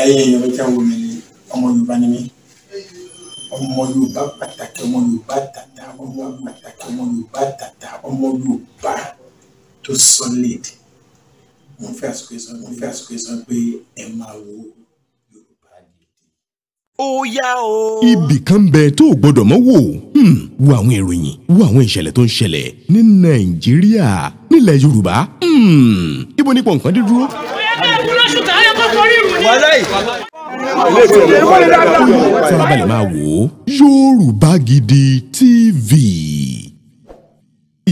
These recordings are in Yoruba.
ẹyẹ èèyàn mi tẹ́ ń wo mi ni ọmọ Yorùbá ni mí ọmọ Yorùbá pàtàkì ọmọ Yorùbá tàtà ọmọ pàtàkì ọmọ Yorùbá tàtà ọmọ Yorùbá tó solid mo fẹ́ àsìkò ìsọ mo fẹ́ àsìkò ìsọ pé ẹ máa wo Yorùbá gidi. ó yá o. ibì kan bẹ tó o gbọ́dọ̀ mọ̀ wò hmm, wo àwọn ìròyìn wo àwọn ìṣẹ̀lẹ̀ tó ń ṣẹlẹ̀ ní Nàìjíríà nílẹ̀ Yorùbá hmm, ibo nípa nǹkan dídúró. ó yá ká dúró ṣùgbọ́n farabalẹ̀ máa wò Yorùbá Gidi TV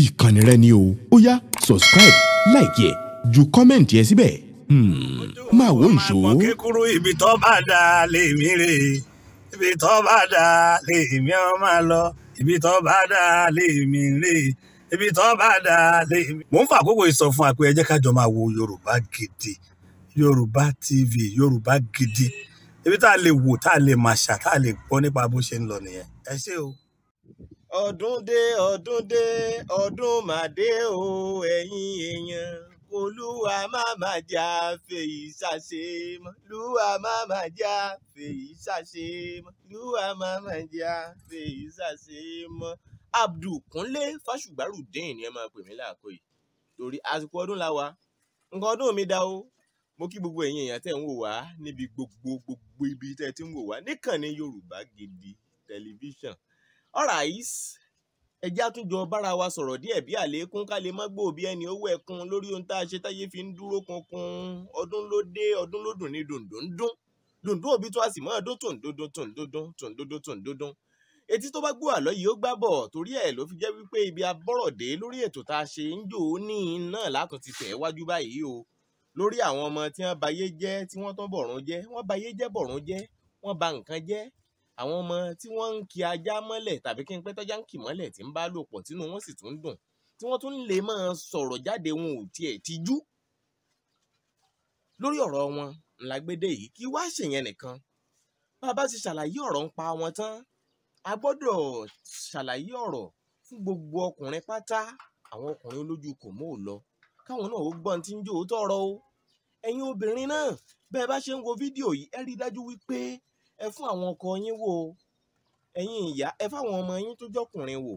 ìkànnì rẹ ni o ó yá subscribe like yẹ ju kọ́mẹ̀ntì ẹ síbẹ̀ hmm, máa wò ó nṣó. kíkúrú ibi tó bá dà lèmi rè ibi tó bá dà lèmi ọ máa lọ ibi tó bá dà lèmi rè ibi tó bá dà lèmi. mo ń fa àkókò ìsọfún àpé ẹ ká jọ máa wo Yorùbá Gidi. Yorùbá TV, Yorùbá Gidi. Ibi tá a lè wò, tá a lè màṣà, tá a lè gbọ́ nípa bó ṣe ń lọ nìyẹn. Ẹ ṣé o. Ọdún dé, ọdún dé, ọdún mà dé o, ẹ̀yin èèyàn. Olúwa má má jà fèyí ṣàṣe mọ́. Olúwa má má jà fèyí ṣàṣe mọ́. Olúwa má má jà fèyí ṣàṣe mọ́. Abdul Kunle Fásùgbárùdín ni ẹ máa pè mí láàkó yìí. Torí àsìkò ọdún la wa. Nǹkan ọdún mi dá o mo kí gbogbo ẹ̀yin èèyàn tẹ́ ń wò wá níbi gbogbo gbogbo ibi tẹ́ ti ń wò wá níkànnì Yorùbá Gidi tẹlifíṣàn alright ẹjẹ́ àtúnjọ bára wa sọ̀rọ̀ díẹ̀ bí àlékún ká lè má gbó bí ẹni owó ẹkún lórí ohun tá a ṣe táyé fi ń dúró kunkun ọdún ló dé ọdún ló dùn ní dòǹdó ń dún dòǹdó òbí tó a sì mọ́ ọdún tòǹdódó tòǹdódó tòǹdódó tòǹdódó etí tó bá gbó àlọ́ yìí ó gbá bọ̀ torí ẹ̀ ló fi jẹ́ wípé ibi abọ́rọ̀dé lórí ètò tá a ṣe ń jò ó ní iná látún ti tẹ̀ wájú báyìí o lórí àwọn ọmọ tí wọ́n bayé jẹ́ tí wọ́n tán bọ̀rún jẹ́ wọ́n bayé jẹ́ bọ̀rún jẹ́ wọ́n ba nǹkan jẹ́ àwọn ọmọ tí wọ́n ń ki ajá mọ́lẹ̀ tàbí kí n pẹ́ tọ́já ń kì mọ́lẹ̀ tí ń bá lò pọ̀ tínú wọn sì tún dùn tí wọ́n tún lè máa sọ̀rọ̀ jáde wọn ò tiẹ̀ tijú lórí ọ̀rọ̀ wọn ńlágbédé yìí kí wá ṣèyẹn nìkan bá a bá ti ṣàlàyé ọ̀rọ̀ ń pa wọn tán a gbọ́dọ̀ ṣàlàyé ọ̀rọ̀ fún gbogbo ọkùnrin pátá àwọn ọkùnrin olójú kò mú ò lọ káwọn náà ó gbọ́n tí ń jó òótọ́ ọ̀rọ̀ o ẹ̀yin obìnrin náà bẹ́ẹ̀ bá ṣe ń wo fídíò yìí ẹ rí i dájú wípé ẹ fún àwọn ọkọ yín wò ó ẹ̀yin ìyá ẹ fáwọn ọmọ yín tó jọkùnrin wò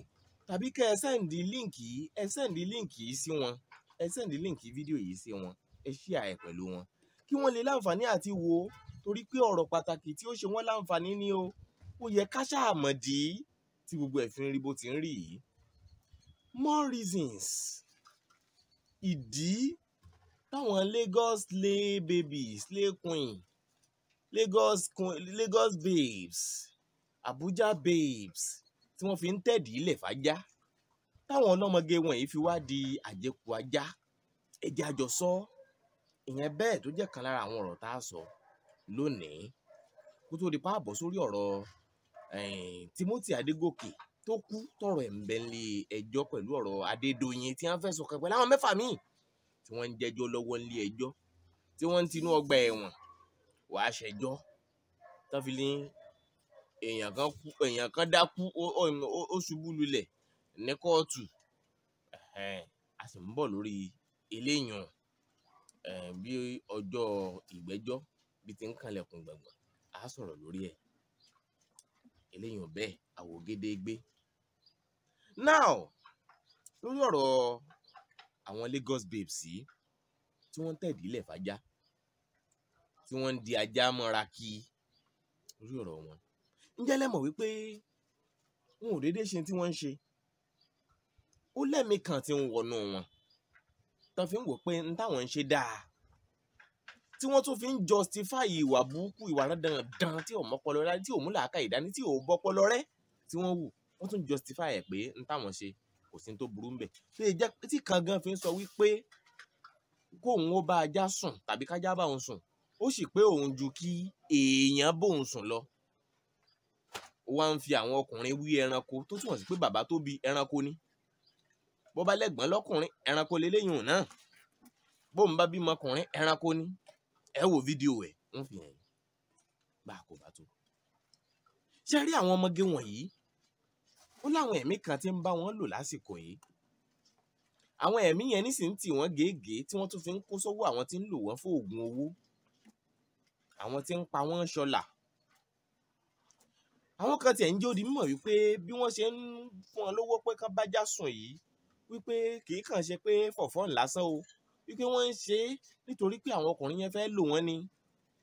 tàbí kẹ́ ẹ sẹ́ǹdì líǹkì yìí ẹ sẹ́ǹdì líǹkì yìí sí wọn ẹ sẹ́ǹdì líǹkì fídíò yìí sí wọn ẹ ṣí àyè pẹ̀lú wọn kí wọ́n lè láǹfààní àti wò torí pé ọ̀rọ̀ pàtàkì tí ó ṣe wọ́n láǹfààní ni o ó yẹ ká ṣàmọ̀dí tí gbogbo ẹ̀ rí bó ti ń rí yìí more reasons ìdí táwọn Lagos lay babies lay queen Lagos queen Lagos babes Abuja babes tí wọ́n fi ń tẹ̀dí ilẹ̀ fàájá táwọn ọlọ́mọge wọ̀nyí fi wá di àjẹkù ajá ẹ̀jẹ̀ àjọsọ ìyẹn bẹ́ẹ̀ tó jẹ́ kan lára àwọn ọ̀rọ̀ tá a sọ lónìí kó tó di pa àbọ̀ sórí ọ̀rọ̀ Timothy Adégòkè tó kú tọrọ ẹ̀ ń bẹ́ńlẹ̀ ẹjọ́ pẹ̀lú ọ̀rọ̀ Adédoyin tí wọ́n fẹ́ sọ kẹ́pẹ́ láwọn mẹ́fà míì tí wọ́n ń jẹ́jọ́ lọ́wọ́ nílé ẹjọ́ tí wọ́n ń tinú ọgbà ẹ̀wọ̀n wàá ṣẹjọ́ tán èèyàn kan dákú ó ṣubú lulẹ̀ ní kóòtù a sì ń bọ̀ lórí eléyàn bí ọjọ́ ìgbẹ́jọ́ bí ti ń sọ̀rọ̀ lórí ẹ̀ eléyàn bẹ́ẹ̀ now lórí ọ̀rọ̀ àwọn Lagos babes yìí tí wọ́n tẹ̀dí ilẹ̀ fàájà tí wọ́n ń di ajá mọ́ra kí orí ọ̀rọ̀ wọn ǹjẹ́ lẹ́mọ̀ wípé wọn ò déédéé ṣe tí wọ́n ń ṣe ó lẹ́mìí kan tí ń wọnú wọn tán fi ń wò pé ń táwọn ń ṣe dáa tí wọ́n tún fi ń justify ìwà burúkú ìwà dandan tí ò mọ́pọlọ rẹ tí ò mú làákà ìdání tí ò bọ́pọlọ rẹ tí wọ́n wù wọ́n tún justify ẹ̀ pé ń táwọn ṣe kò sí tó burú ńbẹ̀ tó yẹ jẹ́ tí kan gan fi ń sọ wípé kóun ó bá ajá sùn tàbí kájá bá òun sùn ó sì pé òun ju kí èèyàn bóun sùn lọ ó wá ń fi àwọn ọkùnrin wí ẹranko tó túmọ̀ sí pé bàbá tó bí ẹranko ni bó bá lẹ́gbọ́n lọ́kùnrin ẹranko leléyìn òun náà bóun bá bímọ ọkùnrin ẹranko ni ẹ wo fídíò ẹ̀ ń fi hàn yín bá a kò bá tó ṣe rí àwọn ọmọge wọ̀nyí ó láwọn ẹ̀mí kan tí ń bá wọn lò lásìkò yìí àwọn ẹ̀mí yẹn nísìnyí tì wọ́n gèégèé tí wọ́n tún fi ń kó sówó àwọn tí ń lò wọ́n fún oògùn owó àwọn tí ń pa wọ́n ṣọlà àwọn kan tiẹ̀ ń jẹ́ odi mímọ̀ wípé bí wọ́n ṣe ń fún wọn lówó pé kán bá já sùn yìí wípé kì í kàn ṣe pé fọ̀fọ́ lásán o wípé wọ́n ń ṣe é nítorí pé àwọn ọkùnrin yẹn fẹ́ lò wọ́n ni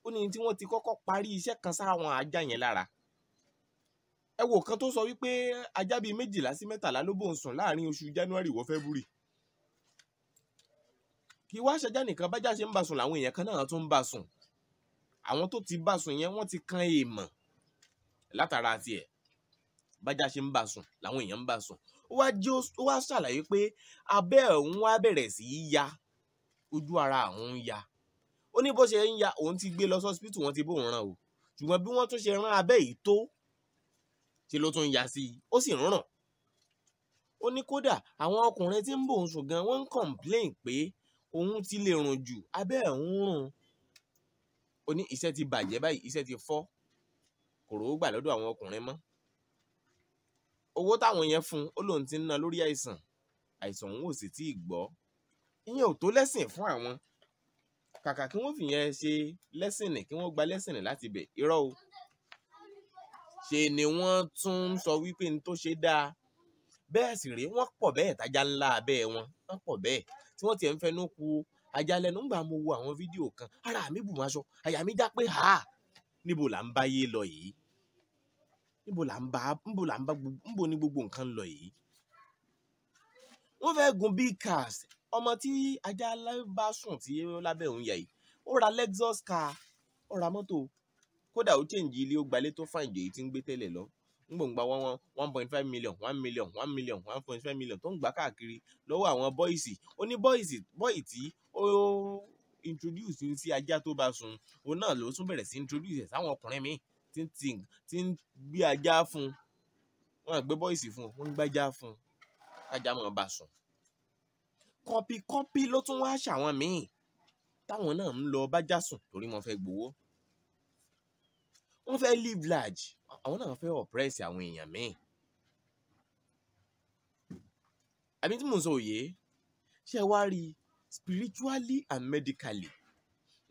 ó ní tí wọ́n ti kọ́kọ́ parí iṣẹ́ kan sáwọn ajá yẹn lára ẹ wo kan tó sọ wípé ajá bíi méjìlá sí mẹ́tàlá ló bòun sùn láàrin oṣù January wọ February kí wá ṣẹjá nìkan bájá ṣe ń bá sùn làwọn èèyàn kan náà tún ń bá sùn àwọn tó ti bá sùn yẹn wọ́n ti kan èèmọ̀ látara tiẹ̀ bájá ṣe ń bá sùn làwọn èèyàn ń bá sùn ó wá ṣàlàyé pé abẹ́ òun wá bẹ̀rẹ̀ sí í ya ojú ara òun ya ó ní bó ṣe ń ya òun ti gbé lọ sọ́sibítù wọ́n ti bóun ràn o ṣùgbọ́n bí wọ́n tún ṣe rán abẹ́ yìí tó ṣe ló tún ya sí i ó sì ń ràn ó ní kódà àwọn ọkùnrin tí ń bò ń sùn gan wọ́n ń complain pé òun ti lè rùn jù abẹ́ òun rùn ó ní iṣẹ́ ti bàjẹ́ báyìí iṣẹ́ ti fọ́ kò rówó gbà lọ́dọ̀ àwọn ọkùnrin mọ́ owó táwọn yẹn fún un ó lóun ti ń ná lórí àìsàn àìsàn òun ò sì tí ì gbọ́ ìyẹn ò tó lẹ́sìn fún àwọn kàkà kí wọ́n fìyẹn ṣe lẹ́sìn kí wọ́n gba lẹ́sìn láti bẹ̀ irọ́ o ṣe ni wọ́n tún ń sọ wípé ní tó ṣe dáa bẹ́ẹ̀ sì rèé wọ́n pọ̀ bẹ́ẹ̀ tájá ńlá abẹ́ wọn wọ́n pọ̀ bẹ́ẹ̀ tí wọ́n tiẹ̀ ń fẹnu ku ajá lẹ́nu ńgbà mo wo àwọn fídíò kan ara mi bù máa sọ àyà mi já pé ha níbo là ń bá yé lọ yìí níbo là ń bá níbo là ń bá níbo ni gbogbo nǹkan ń lọ yìí. wọ́n fẹ́ gun big cars ọmọ tí ajá bá sùn tí lábẹ́ òun yà yìí ó ra Lexus car ó ra mọ́tò kódà ó chèǹjì ilé ó gbalé tó fà ìjòyè tí ń gbé tẹ́lẹ̀ lọ ń gbòǹgbà wọn wọn one point five million one million one million one point five million tó ń gbà káàkiri lọ́wọ́ àwọn bọ́ìsì ó ní bọ́ìsì bọ́ì tí ó introduce sí ajá tó bá sùn òun náà ló tún bẹ̀rẹ̀ sí introduce ẹ̀ sáwọn ọkùnrin míì tí ń tì tí ń gbé ajá fún un wọn gbé bọ́ìsì fún un wọn ń gbájá fún un ajá mọ̀ bá sùn. kọ́pì kọ́pì ló tún wá ṣàwọn míì táwọn náà ń lọ bájá sùn torí wọn fẹ́ gbowó wọ́n fẹ́ live large àwọn náà fẹ́ oppress àwọn èèyàn míì àbí tí mò ń sọ òye ṣé wá rí spiritually and medically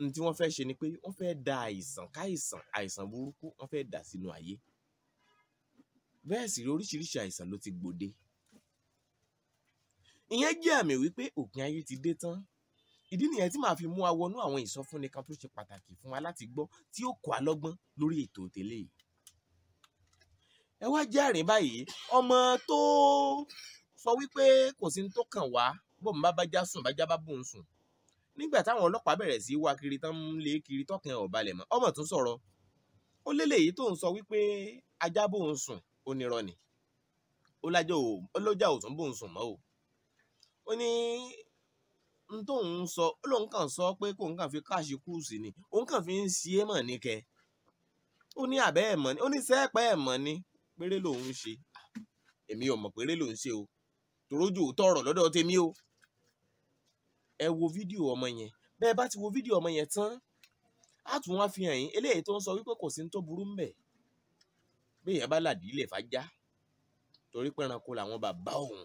ní tí wọ́n fẹ́ ṣe ni pé wọ́n fẹ́ da àìsàn káìsàn àìsàn burúkú wọ́n fẹ́ dà sínú ayé bẹ́ẹ̀ sì rí oríṣiríṣi àìsàn ló ti gbòde ìyẹn jẹ́ àmì wípé òpin ayé ti dé tán ìdí nìyẹn tí màá fi mú wa wọnú àwọn ìsọfúnni kan tó ṣe pàtàkì fún wa láti gbọ́ tí ó kọ́ alọ́gbọ́n lórí ètò tẹ́lẹ̀ yìí. ẹ wá jẹ́rìí báyìí ọmọ tó sọ wípé kò sí ní tó kàn wá bọ́ọ̀mù bá bájá sùn bájá bá bùn sùn nígbà táwọn ọlọ́pàá bẹ̀rẹ̀ sí wá kiri tán ń lé kiri tọkàn ẹ̀ ò balẹ̀ mọ́ ọmọ tún sọ̀rọ̀ ó léleyìí tó ń sọ wípé ajá bòun sùn ó nírọ́ ni ó lájà òtún bòun sùn mọ́ o ó ní n tóun sọ ó lóun sọ pé kóun kàn fi káàṣì kúùsì ni òun kàn fi ń ṣe é mọ̀ ní kẹ ó ní àbẹ́ ẹ̀ mọ̀ ni ó ní sẹ́ẹ̀pẹ́ ẹ̀ mọ̀ ni péré lòun ṣe èmi ò mọ̀ péré lòun ṣe o tòrójú ò tọrọ lọ́dọ̀ tèmi o ẹ wo fídíò ọmọ yẹn bẹ́ẹ̀ bá ti wo fídíò ọmọ yẹn tán á tún wá fi hàn yín eléyìí tó ń sọ wípé kò sí ní tó burú ń bẹ̀ béèyàn bá làdí ilẹ̀ fàájá torí pé ẹranko làwọn bàbá òun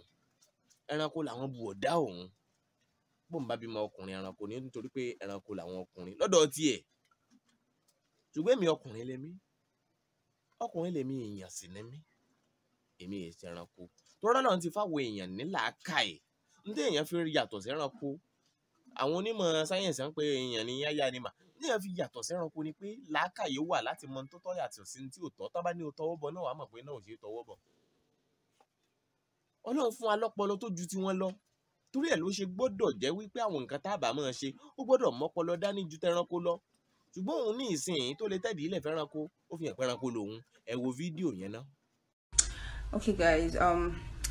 ẹranko làwọn bùọ̀dá òun bóun bá bímọ ọkùnrin ẹranko ni nítorí pé ẹranko làwọn ọkùnrin lọ́dọ̀ tiẹ̀ ṣùgbọ́n èmi ọkùnrin lèmi ọkùnrin lèmi èèyàn sì ni mí èmi èyí ṣe ẹranko tọ́rọ́ náà ti fáwọn èèyàn nílàákàyè ní tí èèyàn fi yàtọ̀ sí ẹranko àwọn onímọ̀ sáyẹ̀nsì ń pe èèyàn ní yáyá ni mà ní èèyàn fi yàtọ̀ sí ẹranko ni pé làákàyè wà láti mọ tó tọ́ yàtọ̀ sí tí ò tọ́ tọ́ bá ní o tọwọ́ bọ̀ náà wàá mọ̀ pé náà ò ṣe é tọwọ́ bọ̀ ọlọ́run fún wa lọ́pọlọ tó ju tiwọn lọ torí ẹ̀ ló ṣe gbọ́dọ̀ jẹ́ wípé àwọn nǹkan tá a bá máa ṣe ó gbọ́dọ̀ mọ́pọlọ dání ju tẹranko lọ ṣùgbọ́n òun ní ìsìn tó lè tẹ̀dí ilẹ̀ fẹ́ranko ó fi hàn fẹ́ranko lòun ẹ wo fídíò yẹn náà. Okay guys, um,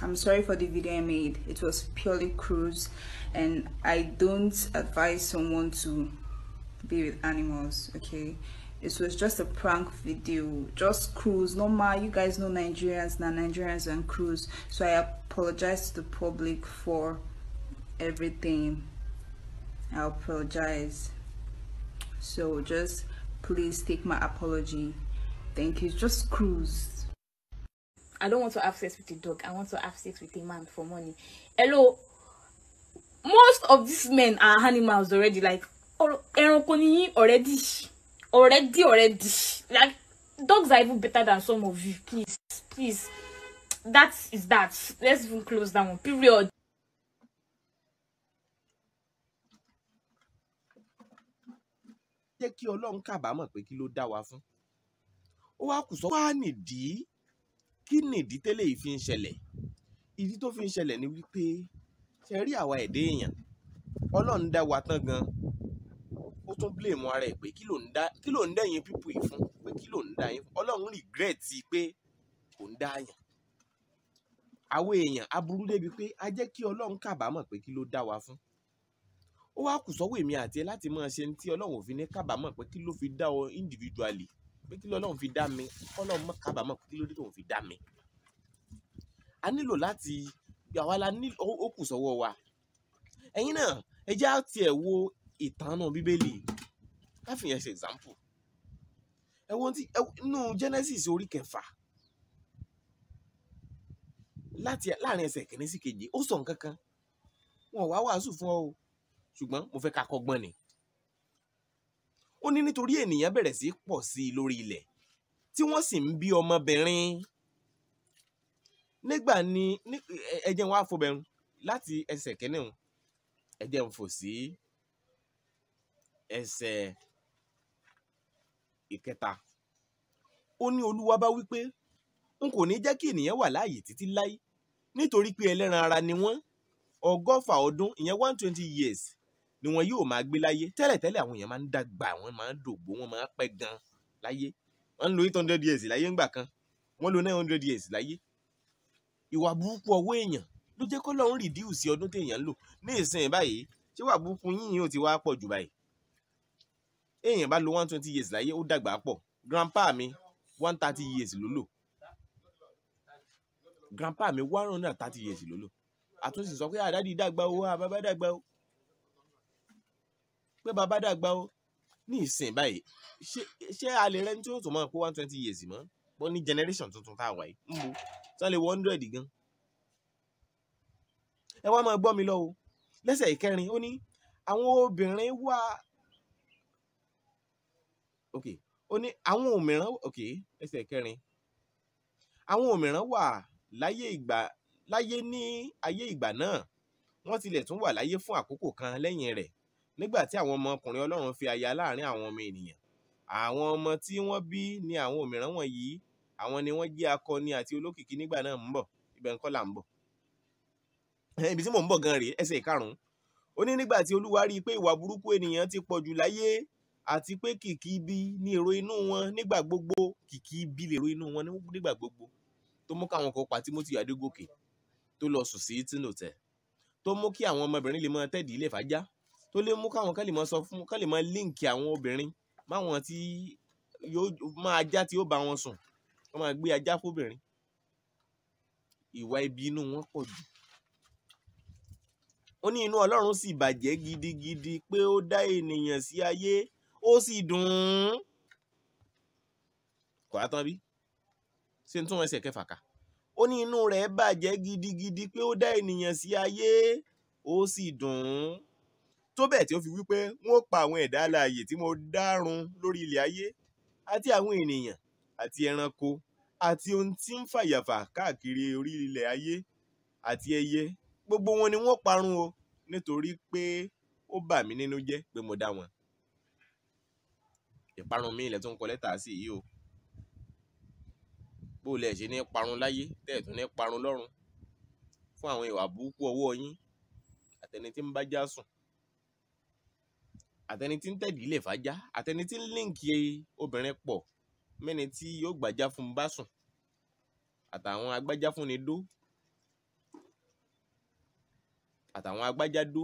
I'm sorry for the video I made. It was purely cruise and I don't advise someone to be with animals, okay? It was just a prank video, just cruise. No Normal, you guys know Nigerians, na Nigerians and cruise. So I apologize to the public for everything i apologize so just please take my apology thank you just cruise i don't want to have sex with a dog i want to have sex with a man for money hello most of these men are animals already like oh, already already already like dogs are even better than some of you please please that is that let's even close that one period jẹ́ kí ọlọ́run kábàámọ̀ pé kí ló dá wa fún ó wá kù sọ wá nìdí kí nìdí tẹ́lẹ̀ yìí fi ń ṣẹlẹ̀ ìdí tó fi ń ṣẹlẹ̀ ni wípé ṣe rí àwa ẹ̀dẹ́ èèyàn ọlọ́run dá wa tán gan ó tún blame ara ẹ̀ pé kí ló ń dá kí ló ń dá yín pípù yìí fún pé kí ló ń dá yín fún ọlọ́run regret pé kò ń dá yàn àwọn èèyàn aburú débi pé a jẹ́ kí ọlọ́run kábàámọ̀ pé kí ló dá wa fún ó wá kù sọ́wọ́ èmi àti ẹ láti máa ṣe tí ọlọ́run ò ní kábàámọ̀ pé kí ló fi dá ọ individually pé kí lọ́lọ́run fi dá mi kọ́lọ́run mọ́ kábàámọ̀ pé kí ló dé tóun fi dá mi. a nílò láti àwa la ní ó kù sọ́wọ́ wa ẹ̀yin náà ẹ jẹ́ àti ẹ̀ wo ìtàn bíbélì ká ṣe example ẹ wo ti nínú Genesis orí kẹfà láti láàrin ẹsẹ̀ kìíní sí kejì ó sọ nǹkan kan wọn wá wàásù fún ọ o ṣùgbọ́n mo fẹ́ ká kọ́gbọ́n ni. ó ní nítorí ènìyàn bẹ̀rẹ̀ sí pọ̀ sí i lórí ilẹ̀ tí wọ́n sì ń bí ọmọbìnrin nígbà ni ẹjẹ wọn á fọbẹrun láti ẹsẹ̀ kẹ́ni wọn ẹjẹ ń fò sí ẹsẹ̀ ìkẹta ó ní olúwa bá wí pé n kò ní jẹ́ kí ènìyàn wà láàyè títí láí nítorí pé ẹlẹ́ran ara ni wọ́n ọgọ́fà ọdún ìyẹn one twenty years ni wọn yóò máa gbé láyé tẹ́lẹ̀tẹ́lẹ̀ àwọn èèyàn máa ń dàgbà wọn máa ń dògbò wọn máa ń pẹ́ gan láyé wọn ń lo eight hundred years láyé ńgbà kan wọn lo nine hundred years láyé ìwà burúkú ọwọ́ èèyàn ló jẹ́ kọ́ lọ́run rìdíùsì ọdún téèyàn ń lò ní ìsìn báyìí ṣé wà burúkú yín ò ti wá pọ̀ jù báyìí èèyàn bá lo one twenty years láyé ó dàgbà pọ̀ grandpa mi one thirty years ló lò grandpa mi one hundred and thirty years ló lò àtúnṣe sọ pé àdádì ah, dàgbà o ah, àbábá dàgbà o pé bàbá dàgbà ó ní ìsìn báyìí ṣé a lè rẹ́ni tí ó tó máa kó one twenty years mọ́ bọ́ ní generation tuntun tá a wà yìí ń bo tí wọ́n lè wọ hundred gan. ẹ wá máa gbọ́ mi lọ o lẹ́sẹ̀ ìkẹrin ó ní àwọn obìnrin wà ok ó ní àwọn òmíràn ok lẹ́sẹ̀ ìkẹrin àwọn òmíràn wà láyé ìgbà láyé ní ayé ìgbà náà wọ́n tilẹ̀ tún wà láyé fún àkókò kan lẹ́yìn rẹ̀ nígbà tí àwọn ọmọkùnrin Ọlọ́run fi aya láàrin àwọn ọmọ ènìyàn àwọn ọmọ tí wọ́n bí ní àwọn òmíràn wọ̀nyí àwọn ni wọ́n jẹ́ akọni àti olókìkí nígbà náà ń bọ̀ ibẹ̀ ń kọ́ là ń bọ̀ ibi tí mò ń bọ̀ gan rèé ẹsẹ̀ ìkarùn-ún ó ní nígbà tí Olúwa rí i pé ìwà burúkú ènìyàn ti pọ̀ jù láyé àti pé kìkì ibi ni èrò inú wọn nígbà gbogbo kìkì ibi lèrò inú wọn nígbà gbogbo tó mú káwọn kan pa Timothy Adégòkè tó lọ sùn sí tínú tó mú kí àwọn ọmọbìnrin lè mọ tẹ́ẹ̀dì ilé fàájá tó lè mú káwọn kan lè mọ sọ fún kan lè mọ líǹkì àwọn obìnrin máwọn tí yóò máa ajá tí ó bá wọn sùn wọn máa gbé ajá fóbìnrin ìwà ibi inú wọn pọ̀ jù ó ní inú ọlọ́run sì bàjẹ́ gidigidi pé ó dá ènìyàn sí ayé ó sì dùn ún kò á tán bí ṣe ń tún ẹsẹ̀ kẹfà ká ó ní inú rẹ̀ bàjẹ́ gidigidi pé ó dá ènìyàn sí ayé ó sì dùn ún tó bẹ́ẹ̀ tí ó fi wípé wọ́n pa àwọn ẹ̀dá alààyè tí mo dárun lórí ilẹ̀ ayé àti àwọn ènìyàn àti ẹranko àti ohun tí ń fàyàfà káàkiri orí ilẹ̀ ayé àti ẹyẹ gbogbo wọn ni wọ́n parun o nítorí pé ó bà mí nínú jẹ́ pé mo dá wọn. ìparun mi ilẹ̀ tó ń kọ lẹ́tà sí yìí o bó o lẹ̀ ṣe ní parun láyé tẹ́ẹ̀ tún ní parun lọ́run fún àwọn ìwà burúkú ọwọ́ yín àtẹni tí ń bá já sùn àtẹni tí ń tẹ̀dí lè fàájá àtẹni tí ń líǹkì obìnrin pọ̀ mẹ́ni tí yóò gbàjá fún bá sùn àtàwọn agbájá fún ni dó àtàwọn agbájá dó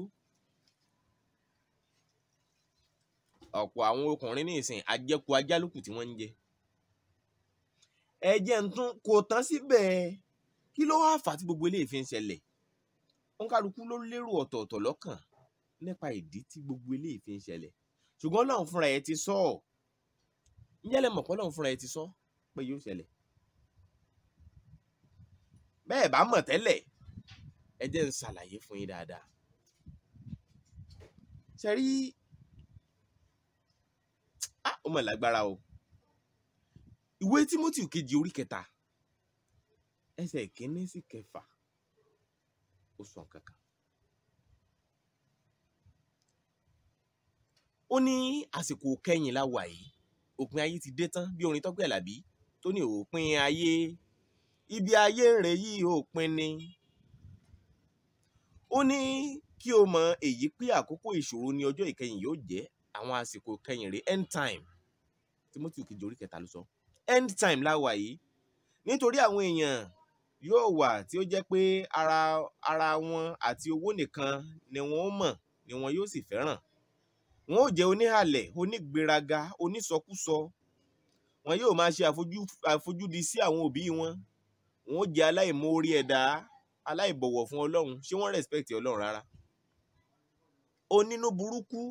ọ̀pọ̀ àwọn ọkùnrin ní ìsìn ajẹ́kù ajálùkù tí wọ́n ń jẹ ẹ jẹ́ kò tán síbẹ̀ kí ló wá fà á tí gbogbo eléyìí fi ń ṣẹlẹ̀ ó ń kálukú ló lérò ọ̀tọ̀ọ̀tọ̀ lọ́kàn nípa ìdí tí gbogbo eléyìí fi ń ṣẹlẹ̀ ṣùgbọ́n Ọlọ́run fúnra ẹ̀ ti sọ ọ́ ńjẹ́lẹ̀ mọ̀ pé Ọlọ́run fúnra ẹ̀ ti sọ pé yóò ṣẹlẹ̀ bẹ́ẹ̀ bá mọ̀ tẹ́lẹ̀ ẹ jẹ́ ń ṣàlàyé fún yín dáadáa ṣe rí ó mọ̀ lágbára o ìwé Tímótì kejì orí kẹta ẹsẹ̀ ìkíní sí kẹfà ó sọ nǹkan ó ní àsìkò kẹyìn la wà yìí òpin ayé ti dé tán bí orin Tọ́pẹ́ Àlàbí tó ní òpin ayé ibi ayé rẹ yìí òpin ni ó ní kí o mọ èyí pé àkókò ìṣòro ní ọjọ́ ìkẹyìn yóò jẹ́ àwọn àsìkò kẹyìn rẹ end time Timothy kejì orí kẹta ló sọ end time la wà yìí nítorí àwọn èèyàn yóò wà tí ó jẹ́ pé ara ara wọn àti owó nìkan ni wọ́n mọ̀ ni wọn yóò sì fẹ́ràn wọn ó jẹ́ oníhàlẹ̀ onígbéraga onísọkúsọ wọn yóò máa ṣe àfojúdi sí àwọn òbí wọn wọn ó jẹ́ aláìmoore ẹ̀dá aláìbọ̀wọ̀ fún ọlọ́run ṣé wọ́n respect ọlọ́run rárá onínú burúkú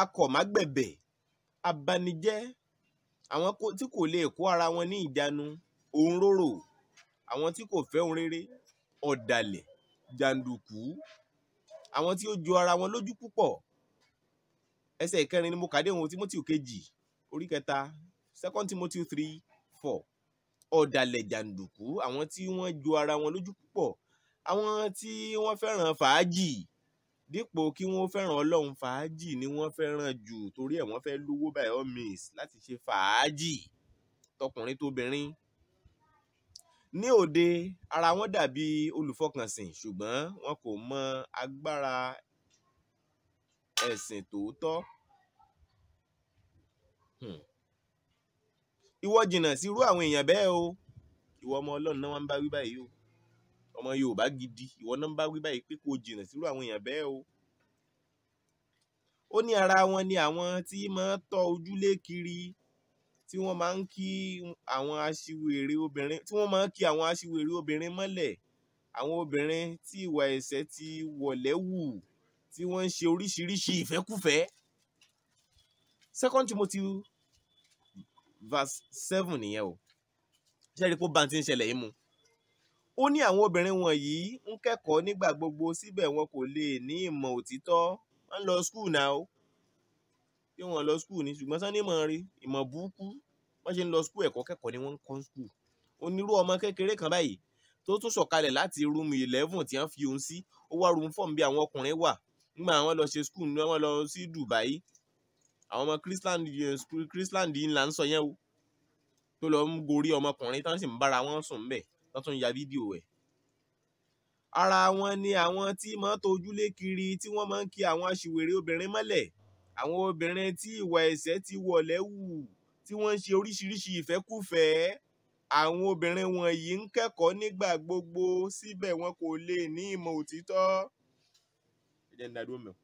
akọ̀mágbẹ̀bẹ̀ abanijẹ́ àwọn tí kò lè kó ara wọn ní ìjánu òǹrorò àwọn tí kò fẹ́ ohun rere ọ̀dàlẹ̀ jàǹdùkú àwọn tí ó ju ara wọn lójú púpọ̀ ẹsẹ̀ ìkẹrin ni mo kàdé ohun Timothy kejì orí kẹta second Timothy three four ọ̀dàlẹ̀ jàǹdùkú àwọn tí wọ́n ju ara wọn lójú púpọ̀ àwọn tí wọ́n fẹ́ràn fàájì dípò kí wọ́n fẹ́ràn ọlọ́run fàájì ni wọ́n fẹ́ràn jù torí ẹ̀ wọ́n fẹ́ lówó by all means láti ṣe fàájì tọkùnrin tóbìnrin ní òde ara wọn dàbí olùfọkànsìn ṣùgbọ́n wọn kò mọ agbára ẹ̀sìn tòótọ́ hmm. ìwọ jìnnà sí irú àwọn èèyàn bẹ́ẹ̀ o ìwọ ọmọ ọlọ́run náà wọ́n bá wí báyìí o ọmọ yorùbá gidi ìwọ náà ń bá wí báyìí pé kò jìnnà sí irú àwọn èèyàn bẹ́ẹ̀ o ó ní ara wọn ni àwọn tí máa ń ojúlé kiri tí wọ́n máa ń kí àwọn aṣiwèrè obìnrin tí wọ́n máa ń kí àwọn aṣiwèrè obìnrin mọ́lẹ̀ àwọn obìnrin tí ìwà ẹ̀ṣẹ̀ ti wọ̀lẹ́ wù tí wọ́n ń ṣe oríṣiríṣi ìfẹ́kùfẹ́ second timothy verse seven nìyẹn o ṣe é rí i pé bá ń ti ń ṣẹlẹ̀ yìí mu ó ní àwọn obìnrin wọ̀nyí ń kẹ́kọ̀ọ́ nígbà gbogbo síbẹ̀ wọn kò lè ní ìmọ̀ òtítọ́ wọ́n ń lọ skul náà tí wọ́n lọ skul ni ṣùgbọ́n sani mọ̀ rí ìmọ̀ burúkú wọ́n ṣe ń lọ skul ẹ̀kọ́ kẹ́kọ̀ọ́ ni wọ́n ń kọ́ skul onírú ọmọ kékeré kan báyìí tó tún sọ̀kalẹ̀ láti rúùmù eleven tí wọ́n fi òun sí ó wá rúùmù fọ́ọ̀mù bí àwọn ọkùnrin wà nígbà wọ́n lọ ṣe skul ni wọ́n lọ sí Dubai àwọn ọmọ chrisland school chrisland ńlá ń sọ yẹn o tó lọ ń gorí ọmọkùnrin tán sì ń bára wọn sùn bẹ́ẹ̀ tán tún ya fídíò ẹ̀ ara wọn ni àwọn tí máa ń kiri tí wọ́n máa ń kí àwọn aṣiwèrè obìnrin mọ́lẹ̀ àwọn obìnrin tí ìwà ẹ̀ṣẹ̀ ti wọ̀lẹ́ wù tí wọ́n ń ṣe oríṣiríṣi ìfẹ́kùfẹ́ àwọn obìnrin wọ̀nyí ń kẹ́kọ̀ọ́ nígbà gbogbo síbẹ̀ wọn kò lè ní ìmọ̀ òtítọ́. dá dúró mẹ́wọ̀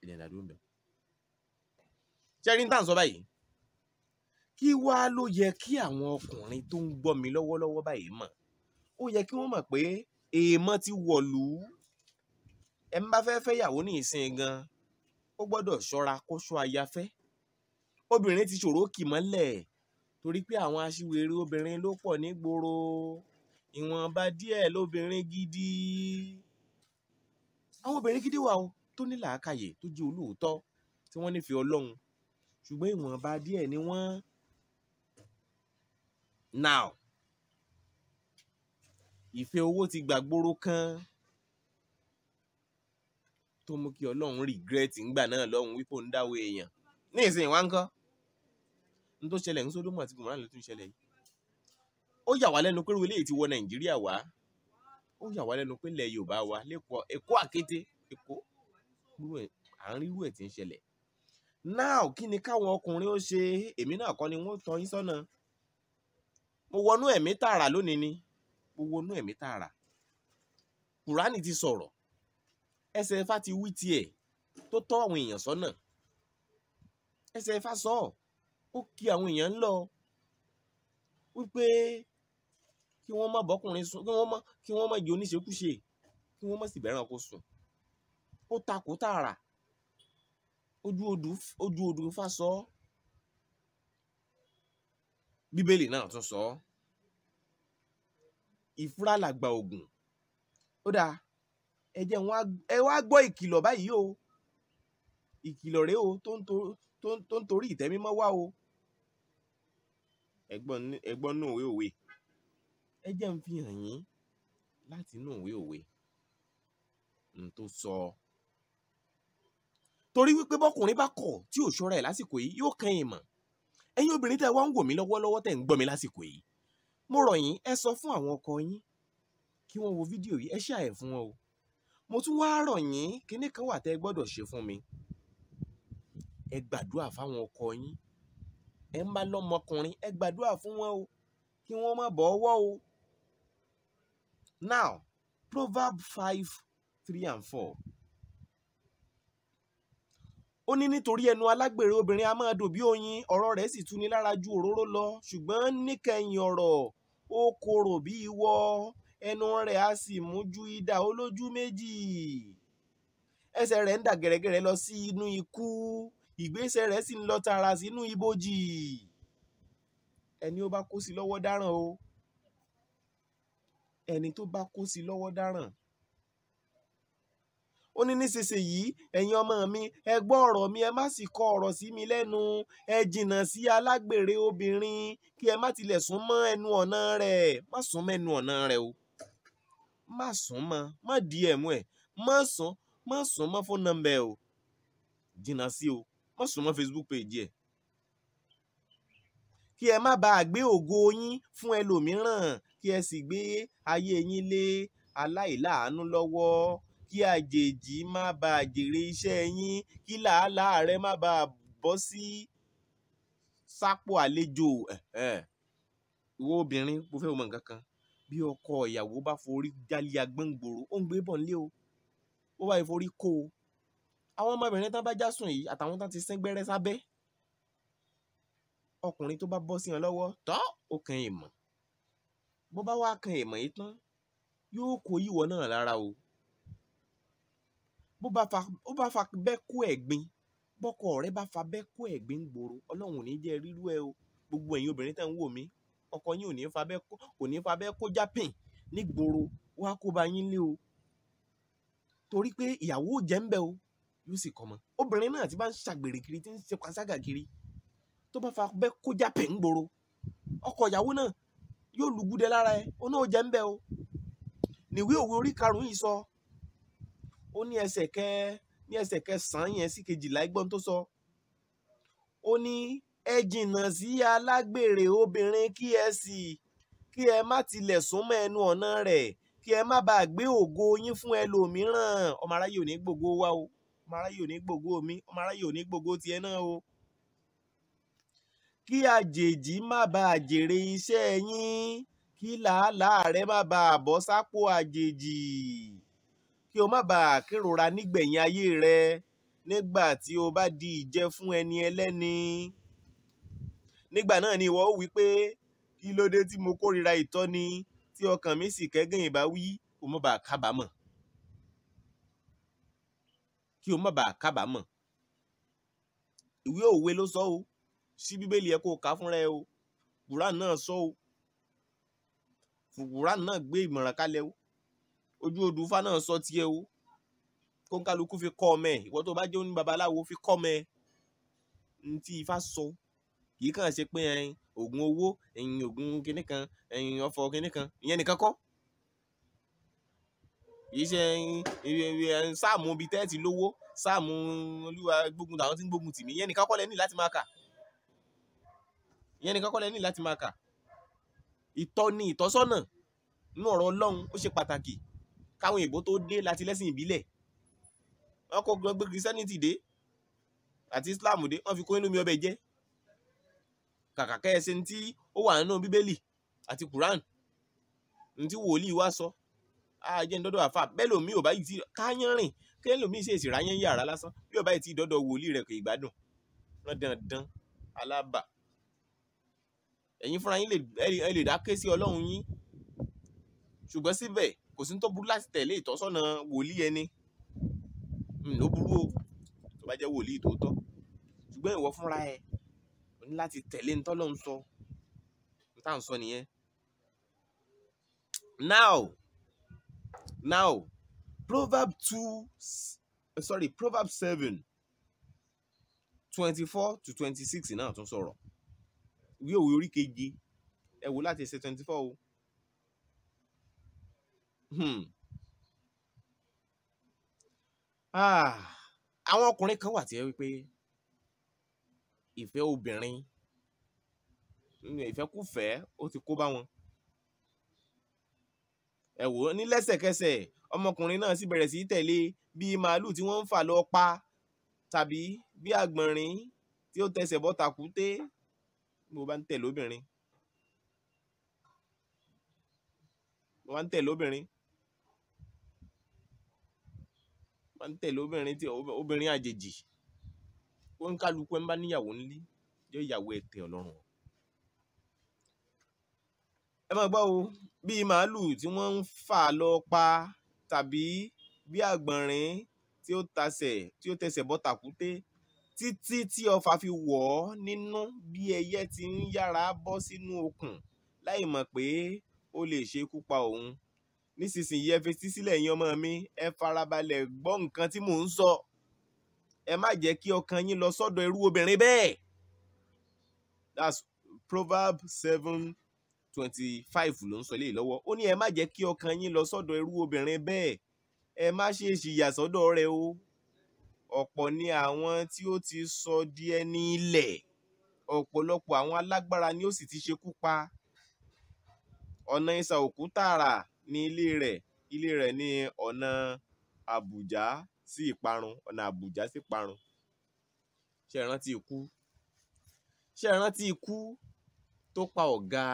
ẹ jẹ́ ń dá dúró mẹ́wọ̀. ṣẹ́rin tá à ń sọ báyìí kí wàá ló yẹ kí àwọn ọkùnrin tó ń gbọ́ mi lọ́wọ́lọ́wọ́ báyìí mọ̀ ó yẹ kí wọ́n mọ̀ pé èèmọ̀ ti wọ̀lú. E ẹ ń bá fẹ́ fẹ́ yàwó ní ìsìn gan ó gbọ́dọ̀ ṣọ́ra kó ṣọ́ ayafẹ́ obìnrin ti ṣòro kì mọ́lẹ̀ torí pé àwọn aṣiwèrè obìnrin ló pọ̀ nígboro ìwọ̀nba díẹ̀ lóbìnrin gidi àwọn obìnrin gidi wà o tó ní làákàyè tó jẹ́ olóòótọ́ tí wọ́n nífẹ̀ẹ́ Ọlọ́run ṣùgbọ́n ìwọ̀nba díẹ̀ ni wọ́n now ìfẹ́ owó ti gbàgbóró kan tó mú kí ọlọ́run regret ńgbà náà lọ́hùn wípé ó ń dáwọ́ èèyàn ní ìsìn wá ń kọ́ n tó ṣẹlẹ̀ ń Sódómù àti Gòmórà ló tún ṣẹlẹ̀ yìí ó yà wá lẹ́nu pé irú eléyìí ti wọ Nàìjíríà wá ó yà wá lẹ́nu pé ilẹ̀ Yorùbá wa lẹ́kọ̀ọ́ Èkó àkété Èkó à ń rírú ẹ̀ ti ń ṣẹlẹ̀ náà kí ni káwọn ọkùnrin ó ṣe èmi náà kọ́ ni wọ́n tọ́ yín sọ́nà mo wọnú ẹ̀mí tààrà lónìí ni mo wọnú ẹ̀mí tààrà Kùránì ti sọ̀rọ̀ ẹsẹ̀ ifá ti wí tiẹ̀ tó tọ́ àwọn èèyàn sọ́nà ẹsẹ̀ ifá sọ ó kí àwọn èèyàn ń lọ wípé kí wọ́n má bọ́kùnrin sùn kí wọ́n má kí wọ́n jẹ oníṣekúṣe kí wọ́n má sì bẹ̀rẹ̀ kó sùn ó takò tààrà ojú odù ojú sọ bíbélì náà tún sọ ìfúrálàgbà ògùn ó dáa ẹ jẹ́ wọn ẹ wá gbọ́ ìkìlọ̀ báyìí o ìkìlọ̀ rèé o tó ń torí ìtẹ́mímọ́ wá o ẹ̀gbọ́n nù òwe òwe ẹ jẹ́ ń fi hàn yín láti inú òwe òwe n tó sọ torí wípé bọ́kùnrin bá kọ̀ tí ò ṣọ́ra ẹ̀ lásìkò yìí yóò kan ìmọ̀ ẹ̀yin obìnrin tẹ́ wá ń wò mí lọ́wọ́lọ́wọ́ tẹ́ ń gbọ́ mi lásìkò yìí mo rọ̀ yín ẹ sọ fún àwọn ọkọ yín kí wọ́n wo fídíò yìí ẹ ṣe àyẹ̀ fún wọn o mo tún wáá rọ̀ yín kinní kan wà tẹ́ ẹ gbọ́dọ̀ ṣe fún mi ẹ gbàdúrà fáwọn ọkọ yín ẹ má lọ́mọkùnrin ẹ gbàdúrà fún wọn o kí wọ́n má bọ̀ ọwọ́ o now Proverbs five three and four ó ní nítorí ẹnu alágbèrè obìnrin a máa dùn bí oyin ọ̀rọ̀ rẹ̀ sì tuni lára ju òróró lọ ṣùgbọ́n níkẹyìn ọ̀rọ̀ ó korò bí iwọ ẹnu rẹ̀ a sì mú ju idà olójú méjì ẹsẹ̀ rẹ̀ ń dà gẹ̀rẹ́gẹ̀rẹ́ lọ sí inú ikú ìgbésẹ̀ rẹ̀ sì ń lọ tààrà sínú ibojì ẹni ó bá kó sí lọ́wọ́ dáràn o ẹni tó bá kó sí lọ́wọ́ dáràn ó ní nísinsìnyí ẹ̀yin ọmọ mi ẹ gbọ́ ọ̀rọ̀ mi ẹ má sì kọ ọ̀rọ̀ sí mi lẹ́nu ẹ jìnnà sí alágbèrè obìnrin kí ẹ má tilẹ̀ sún mọ́ ẹnu ọ̀nà rẹ̀ má sún mẹ́nu ọ̀nà rẹ̀ o má sún mọ́ má dm ẹ̀ má sún má sún mọ́ fóònù nọ́mbà ẹ̀ o jìnnà sí o má sún mọ́ facebook page ẹ̀ kí ẹ má bàa gbé ògo yín fún ẹlòmíràn kí ẹ sì gbé ayé yín lé aláìláàánú lọ́wọ́ kí àjèjì má bàa jèrè iṣẹ́ yín kí làálàá rẹ má bàa bọ́ sí sápò àlejò ìwọ obìnrin mo fẹ́ mọ nǹkan bí ọkọ ìyàwó bá forí jálé agbọ́ngbòrò ó ń gbé bọ̀ nílé o ó bá forí kó o àwọn ọmọbìnrin tán bá já sùn yìí àtàwọn tán ti sín gbẹ́rẹ́ sábẹ́ ọkùnrin tó bá bọ́ sí wọn lọ́wọ́ tọ́ ó kan ìmọ̀ bó bá wá kan ìmọ̀ yìí tán yóò kó yíwọ náà lára o bó bá fa bẹ́ẹ̀ kó ẹ̀gbin bọ́kọ rẹ bá fa bẹ́ẹ̀ kó ẹ̀gbin gbòòrò ọlọ́run ò ní jẹ́ rírú ẹ o gbogbo ẹ̀yin obìnrin tẹ̀ ń wò mí ọkọ yín ò ní fabẹ́ kò ní fabẹ́ kó jápìn nígboro wá kó ba yín lé o torí pé ìyàwó ò jẹ́ ń bẹ́ o yóò sì kọ́ mọ́ obìnrin náà ti bá ń ṣàgbèrè kiri tí ń ṣe panṣágà kiri tó bá fabẹ́ kó jápìn ńgboro ọkọ ìyàwó náà yóò lùgúdẹ lára ẹ ó náà jẹ́ ń bẹ́ o níwí òwe orí karùn-ún yìí sọ ó ní ẹsẹ̀ kẹ ní ẹsẹ̀ kẹsàn-án yẹn sí kejìlá ẹgbọ́n tó sọ ó ní ẹ jìnnà sí alágbèrè obìnrin kí ẹ sì kí ẹ má tilẹ̀ súnmọ́ ẹnu ọ̀nà rẹ̀ kí ẹ má bàa gbé ògo yín fún ẹlòmíràn ọmọ aráyé ò ní gbogbo wa o ọmọ aráyé ò ní gbogbo mi ọmọ aráyé ò ní gbogbo tiẹ̀ náà o kí àjèjì má bàa jèrè iṣẹ́ yín kí làálàá rẹ má bàa bọ́ sápò àjèjì kí o má bàa kérora nígbẹ̀yìn ayé rẹ nígbà tí o bá di ìjẹ fún ẹni ẹlẹ́ni nígbà náà ni ìwọ ó wí pé kí ló dé tí mo kórìíra ìtọ́ni tí ọkàn mi sì kẹ́gàn ìbáwí kó mo bàa kábàámọ̀ kí o má bàa kábàámọ̀ ìwé òwe ló sọ o sí bíbélì ẹ kó o kà fúnra ẹ o kùrán náà sọ o kùrán náà gbé ìmọ̀ràn kalẹ̀ o ojú odùfá náà sọ tiẹ̀ o kó ń kálukú fi kọ́ ọmọ ẹ̀ ìwọ tó bá jẹ́ oní babaláwo fi kọ́ ọmọ ẹ̀ ní ti ifá sọ kì í kàn ṣe pé ẹyin oògùn owó ẹyin oògùn kinní kan ẹyin ọ̀fọ̀ kinní kan ìyẹn nìkan kọ́ kì í ṣe ẹyin sáàmù bíi tẹ́ẹ̀tì lówó sáàmù olúwa gbógun tàwọn tí ń gbógun tì mí ìyẹn nìkan kọ́ lẹ́ni láti máa kà ìyẹn nìkan kọ́ lẹ́ni láti máa kà ìtọ́ni ìtọ́sọ́nà nínú ọ̀rọ̀ Ọlọ́run ó ṣe pàtàkì káwọn èèbó tó dé láti lẹ́sìn ìbílẹ̀ wọn kọ́ gbé Christianity dé àti Islam dé wọn fi kó inú ọbẹ̀ jẹ́ kàkà kẹ́ ẹ ṣe ní tí ó wà nínú bíbélì àti quran ní tí wòlíì wá sọ ajé ń dọ́dọ̀ àfà bẹ́ẹ̀ lómi ò bá yìí ti káyán rìn kẹ́ lómi ṣe èsì ráyán yàrá lásán bí ò bá yìí ti dọ́dọ̀ wòlíì rẹ̀ kò ìgbádùn dandan alábà ẹ̀yin fúnra yín ẹ lè dáké sí ọlọ́run yín ṣùgbọ́n síbẹ̀ kò sí ní tó burú láti tẹ̀lé ìtọ́sọ́nà wòlíì ẹni ló burú o tó bá jẹ́ wòlíì tòótọ́ ṣùgbọ́n ìwọ fúnra ẹ̀ láti tẹ̀lé ní tọ́lọ́hún sọ ní táwọn sọ nìyẹn. now now Proverbs two sorry Proverbs seven twenty four to twenty six náà tún sọ̀rọ̀ ìwé òwe orí keje ẹ wò láti ẹsẹ̀ twenty four o. Hmm. Ah, àwọn ọkùnrin kan wà tí ẹ wípé ìfẹ́ obìnrin ìfẹ́kùfẹ́ ó ti kó bá wọn. ẹ wò ó ní lẹ́sẹ̀kẹsẹ̀ ọmọkùnrin náà sì bẹ̀rẹ̀ sí tẹ̀lé bí màálù tí wọ́n ń fà lọ pa tàbí bí àgbọ̀nrín tí ó tẹsẹ̀ bọ́ tàkúté mo bá ń tẹ̀lé obìnrin. mo bá ń tẹ̀lé obìnrin. mo bá ń tẹ̀lé obìnrin tí obìnrin àjèjì wọn kálukú ẹ ń bá níyàwó ńlí jẹ́ ìyàwó ẹ̀tẹ̀ ọlọ́run o. ẹ máa gbọ́ o bíi màálù tí wọ́n ń fà lọ pa tàbí bí àgbọ̀nrín tí ó tasẹ̀ tí ó tẹsẹ̀ bọ́ tàkúté títí tí ọfà fi wọ̀ ọ́ nínú bí ẹyẹ ti ń yára bọ́ sínú okùn láì mọ̀ pé ó lè ṣekú pa òun nísinsìnyí ẹ fetí sílẹ̀ yín ọmọ mi ẹ farabalẹ̀ gbọ́ nǹkan tí mò ń sọ. So ẹ má jẹ́ kí ọkàn yín lọ sọ́dọ̀ irú obìnrin bẹ́ẹ̀ that's proverb seven twenty five ló ń sọ eléyìí lọ́wọ́ ó ní ẹ má jẹ́ kí ọkàn yín lọ sọ́dọ̀ irú obìnrin bẹ́ẹ̀ ẹ má ṣe ṣìyà sọ́dọ̀ rẹ̀ o ọ̀pọ̀ ni àwọn tí ó ti sọ di ẹni ilẹ̀ ọ̀pọ̀lọpọ̀ àwọn alágbára ni ó sì ti ṣekú pa ọ̀nà ìsà òkú tààrà ní ilé rẹ̀ ilé rẹ̀ ní ọ̀nà àbújá sí ìparun ọ̀nà àbùjá sí ìparun ṣé ẹ rántí ikú ṣé ẹ rántí ikú tó pa ọ̀gá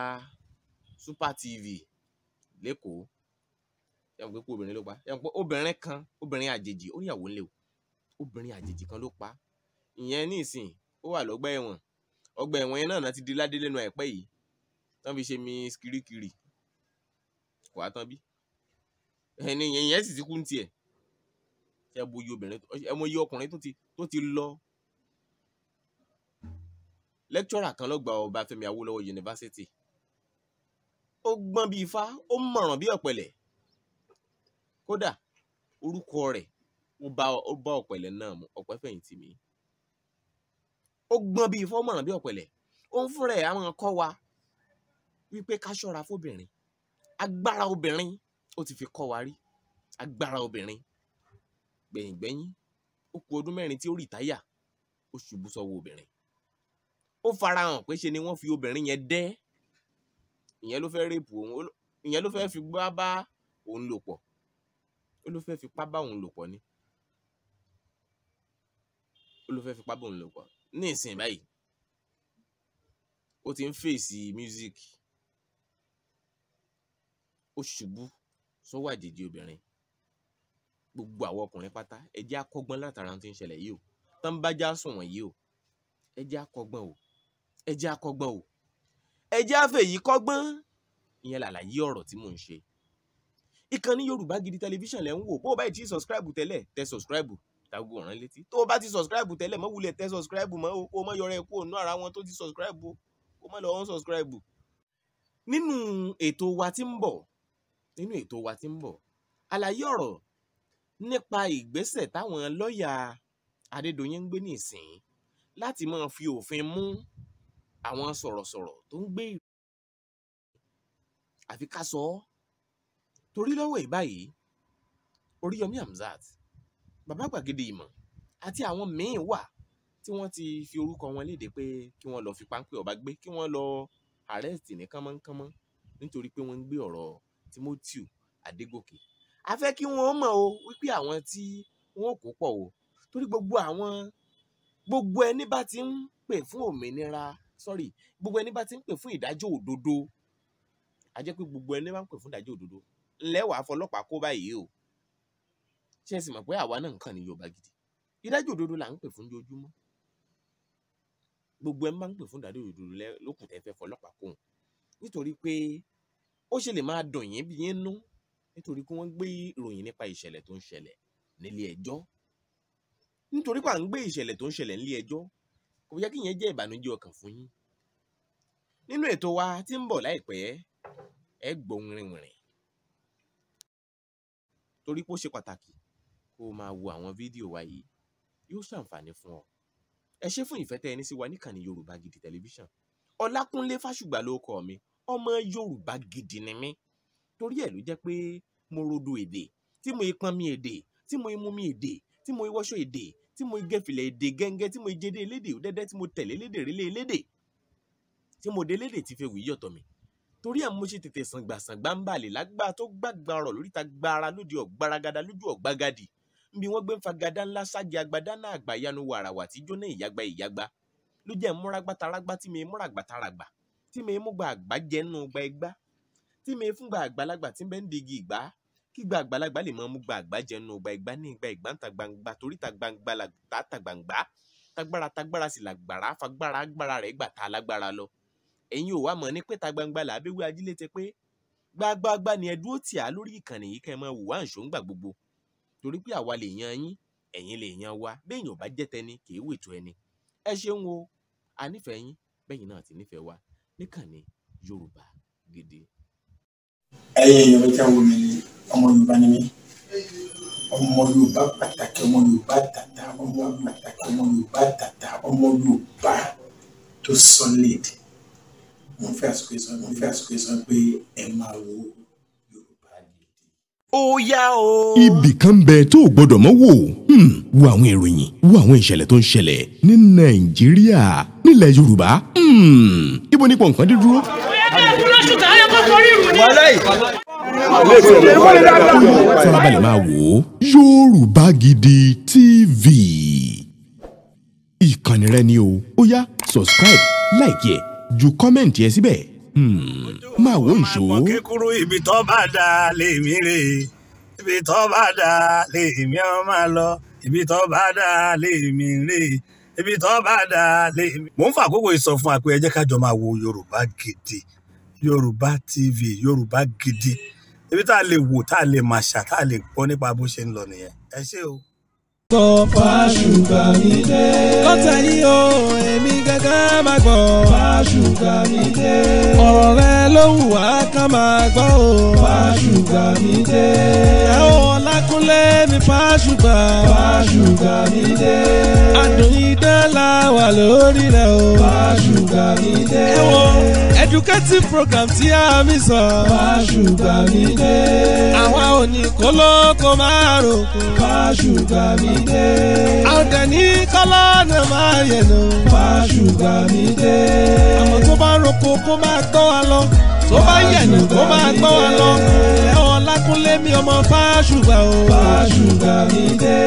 Super TV lẹ́kọ̀ọ́ yẹn pé kú obìnrin ló pa yẹn pé obìnrin kan obìnrin àjèjì ó níyàwó ńlẹ̀ o obìnrin àjèjì kan ló pa ìyẹn ní ìsìn ó wà lọ́gbà ẹ̀wọ̀n ọgbà ẹ̀wọ̀n yẹn náà ti di ládé lẹ́nu àìpẹ́ yìí tán fi ṣe mi kirikiri kò á tán bí ẹni yẹn sì ti kú ní tiẹ̀ ẹ mọ iye obìnrin ẹ mọ iye ọkùnrin tó ti tó ti lọ. lẹ́kítọ́rà kan ló gba Ọbáfẹ́mi Awólọ́wọ̀ yunifásitì ó gbọ́n bí ifá ó mọ̀ràn bí ọ̀pẹ̀lẹ̀ kódà orúkọ rẹ̀ ó bá ó bá ọ̀pẹ̀lẹ̀ náà mu ọ̀pẹ̀fẹ̀yìntì mi ó gbọ́n bí ifá ó mọ̀ràn bí ọ̀pẹ̀lẹ̀ ó ń fúnra ẹ̀ àwọn kọ́ wa wípé ká ṣọ́ra fóbìnrin agbára obìnrin ó ti fi kọ́ wa rí agbára obìnrin gbẹ̀yìngbẹ́yín ó ku ọdún mẹ́rin tí ó rìtáyà ó ṣubú sọ́wọ́ obìnrin ó farahàn pé ṣe ni wọ́n fi obìnrin yẹn dẹ́ ìyẹn ló fẹ́ rèpù òun ìyẹn ló fẹ́ fipá bá òun lò pọ̀ ó ló fẹ́ fipá bá òun lò pọ̀ ni ó ló fẹ́ fipá bá òun lò pọ̀ ní ìsìn báyìí ó ti ń fèsì music ó ṣubú sọ́wọ́ àjèjì obìnrin gbogbo àwọn ọkùnrin pátá ẹ jẹ́ akọ́gbọ́n látara tí ń ṣẹlẹ̀ yìí o tán bá já sùn wọ̀nyí o ẹ jẹ́ akọ́gbọ́n o ẹ jẹ́ akọ́gbọ́n o ẹ jẹ́ àfẹ̀yí kọ́gbọ́n ìyẹn làlàyé ọ̀rọ̀ tí mò ń ṣe. ìkànnì Yorùbá Gidi tẹlifíṣàn lẹ ń wò bó o bá ti sọ̀scribe tẹ́lẹ̀ tẹ sọ̀scribe tago ọ̀ràn létí tó o bá ti sọ̀scribe tẹ́lẹ̀ mọ́ wulẹ̀ tẹ sọ̀scribe mọ́ o kó yọrọ ẹ kó ara wọn tó ti sọ̀scribe o kó o mọ́ lọ nínú ètò wa tí ń bọ̀ nínú ètò wa tí ń bọ̀ àlàyé ọ̀rọ̀ nípa ìgbésẹ̀ táwọn lọ́ọ̀yà Adédoyin ń gbé nísìn láti máa fi òfin mú àwọn sọ̀rọ̀sọ̀rọ̀ tó ń gbé ìròyìn àfi ká sọ ọ́ torí lọ́wọ́ ìbáyìí Oríyọmí Hamzat bàbá gbàgede ìmọ̀ àti àwọn míín wà tí wọ́n ti fi orúkọ wọn léde pé kí wọ́n lọ fi páńpẹ́ ọba gbé kí wọ́n lọ àrẹ́sì ní kánmọ́nkánmọ́ nítorí pé wọ́n ń gbé ọ̀rọ̀ Timothy Adégòkè a fẹ́ kí wọ́n mọ̀ o wípé àwọn tí wọ́n kó pọ̀ o torí gbogbo àwọn gbogbo ẹni bá ti ń pè fún òmìnira sorry gbogbo ẹni bá ti ń pè fún ìdájọ́ òdodo a jẹ́ pé gbogbo ẹni bá ń pè fún ìdájọ́ òdodo ńlẹ́wàá fọlọ́pàá kó báyìí o ṣé ẹ sì mọ̀ pé àwa náà nǹkan ní Yorùbá gidi ìdájọ́ òdodo là ń pè fún ojoojúmọ́ gbogbo ẹ máa ń pè fún ìdájọ́ òdodo lókùn tẹ́ fẹ́ fọlọ́pàá kóhun nítorí pé ó ṣe lè máa dùn yín bí yín nú nítorí pé wọ́n gbé ìròyìn nípa ìṣẹ̀lẹ̀ tó ń ṣẹlẹ̀ nílé ẹjọ́ nítorí pé à ń gbé ìṣẹ̀lẹ̀ tó ń ṣẹlẹ̀ nílé ẹjọ́ kò yẹ kí ìyẹn jẹ́ ìbànújẹ́ ọkàn fún yín nínú ètò wa tí ń bọ̀ láìpẹ́ ẹ gbọ́ wìrìwìrìn torí pé ó ṣe pàtàkì kó o máa wo àwọn fídíò wa yìí yóò ṣàǹfààní fún ọ ẹ ṣé fún ìfẹ́ tẹ́ ẹ sí wa níkànnì Yorùbá Gidi tẹlifíṣàn Ọlákúnlé Fásùgbà ló kọ mi ọmọ Yorùbá Gidi ni mí torí ẹ̀ ló jẹ́ pé mo rodo èdè tí mo ipan mi èdè tí mo imú mi èdè tí mo iwọ́ṣọ èdè tí mo igẹ̀fìlẹ̀ èdè gẹ́ngẹ́ tí mo ìjẹ́dẹ́ elédè òdẹ́dẹ́ tí mo tẹ̀lé lédè rélé elédè tí mo dé lédè tí fẹ́ wù yí ọ̀tọ̀ mi torí ẹ̀ mo ṣe tètè sàngbàsàngbà ń balẹ̀ lágbà tó gbàgbà ọ̀rọ̀ lóríta gbára lóde ọ̀gbaragada lójú ọ̀gbagadì nbí wọ́n gbé ń fagada ńlá ságẹ agbada náà àgbàyanu wàràwà tí jóná ìyàgbá ìyàgbá ló jẹ́ múra gbàtàràgbà tí mi múra gbàtàràgbà tí mi mú gba àgbà jẹ́ nù gba tí mi fún gba àgbàlagbà tí ń bẹ ń digi ìgbà kí gba àgbàlagbà lè máa mú gba àgbà jẹnu ọgbà ìgbà ní ìgbà ìgbà ń ta gbangba torí ta gbangba la ta ta gbangba tagbára tagbára sì làgbára fagbára agbára rẹ̀ gbà ta lágbára lọ ẹ̀yin ò wá mọ̀ ní pé ta gbangba là á bí wí ajílẹ ti pé gbagbagba ni ẹ dúró tì á lórí ìkànnì yìí kẹ́ máa wò wá ǹṣó ńgbà gbogbo torí pé àwa lè yan yín ẹ̀yin lè yan wa béèyàn ò bá jẹ́ tẹni kì í wètò ẹni ẹ ṣeun o a nífẹ̀ẹ́ yín bẹ́yìn náà ti nífẹ̀ẹ́ wa níkànnì Yorùbá Gidi ẹ̀yin èèyàn mi tí wọ́n mi ni ọmọ Yorùbá ni mí ọmọ Yorùbá pàtàkì ọmọ Yorùbá tàtà ọmọ pàtàkì ọmọ Yorùbá tàtà ọmọ Yorùbá tó solid mo fẹ́ àsìkò ìsọ mo fẹ́ àsìkò ìsọ pé ẹ máa wo ibì kan ń bẹ tó o gbọ́dọ̀ mọ̀ wò hmm, wo àwọn ìròyìn wo àwọn ìṣẹ̀lẹ̀ tó ń ṣẹlẹ̀ ní Nàìjíríà nílẹ̀ Yorùbá hmm, ibo ni nǹkan dídúró lọ́ṣùtà farabalẹ̀ máa wò ó Yorùbá Gidi TV ìkànnì rẹ ni o ó yá subscribe like ẹ ju kọ́mẹ̀ntì ẹ síbẹ̀ hmm, máa wò ó nṣó. àwọn kékeré ibi tó bá dá lèmi rè ibi tó bá dá lèmi ọ máa lọ ibi tó bá dá lèmi rè ibi tó bá dá lèmi. mo ń fa àkókò ìsọfún àpè ẹ ká jọ máa wo Yorùbá Gidi yorùbá tv yorùbá gidi ibi tá a lè wò tá a lè màṣà tá a lè gbọ́ nípa bó ṣe ń lọ nìyẹn ẹ ṣé o sọ. fàṣùgbà mi dé. lọ́tẹ̀ yìí o èmi gángan máa gbọ́. fàṣùgbà mi dé. ọ̀rọ̀ rẹ ló wù wá ká máa gbọ́ o. fàṣùgbà mi dé. ẹ ò Ọlákúnlé mi fàṣùgbà. fàṣùgbà mi dé. àdùn idán wà lórí rẹ o. fàṣùgbà mi dé. wo educative program tí a mi sọ. fàṣùgbà mi dé. àwa ò ní kólókó máa ròkò. fàṣùgbà mi mi dé. àǹtẹ̀ ní kọ́lá náà máa yẹ̀nà. wá ṣùgbà mi dé. àmọ́ tó bá roko kó máa tọ́ wa lọ. tó bá yẹ̀nà kó máa tọ́ wa lọ. ẹ̀wọ̀n lákúnlé mi ọmọ fáṣùgbà o. fáṣùgbà mi dé.